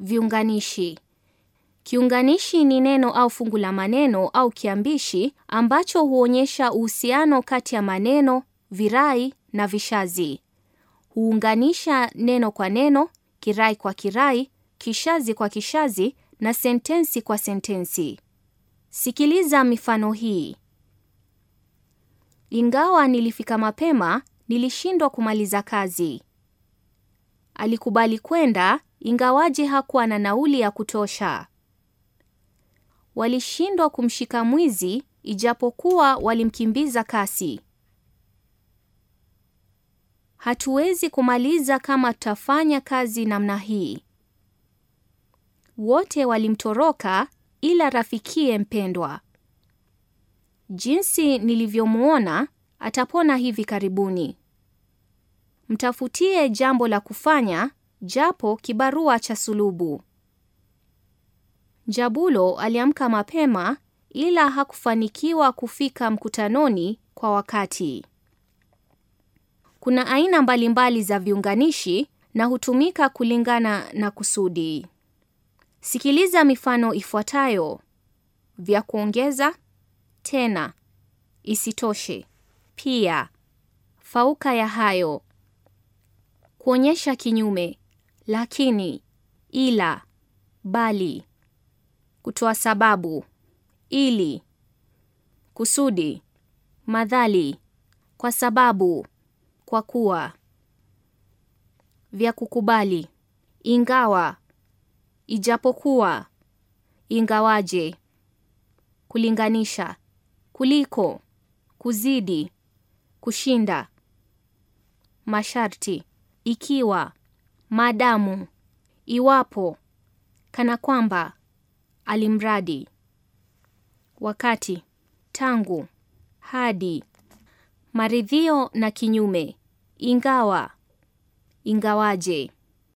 Viunganishi. Kiunganishi ni neno au fungu la maneno au kiambishi ambacho huonyesha uhusiano kati ya maneno, virai na vishazi. Huunganisha neno kwa neno, kirai kwa kirai, kishazi kwa kishazi na sentensi kwa sentensi. Sikiliza mifano hii. Ingawa nilifika mapema, nilishindwa kumaliza kazi. Alikubali kwenda ingawaje hakuwa na nauli ya kutosha. Walishindwa kumshika mwizi ijapokuwa walimkimbiza kasi. Hatuwezi kumaliza kama tutafanya kazi namna hii. Wote walimtoroka ila rafikie mpendwa. Jinsi nilivyomwona atapona hivi karibuni. Mtafutie jambo la kufanya japo kibarua cha sulubu. Jabulo aliamka mapema ila hakufanikiwa kufika mkutanoni kwa wakati. Kuna aina mbalimbali za viunganishi na hutumika kulingana na kusudi. Sikiliza mifano ifuatayo: vya kuongeza, tena, isitoshe, pia, fauka ya hayo, kuonyesha kinyume lakini, ila, bali. Kutoa sababu, ili. Kusudi, madhali, kwa sababu, kwa kuwa. Vya kukubali, ingawa, ijapokuwa, ingawaje. Kulinganisha, kuliko, kuzidi, kushinda. Masharti, ikiwa madamu iwapo, kana kwamba, alimradi, wakati, tangu, hadi, maridhio na kinyume, ingawa, ingawaje.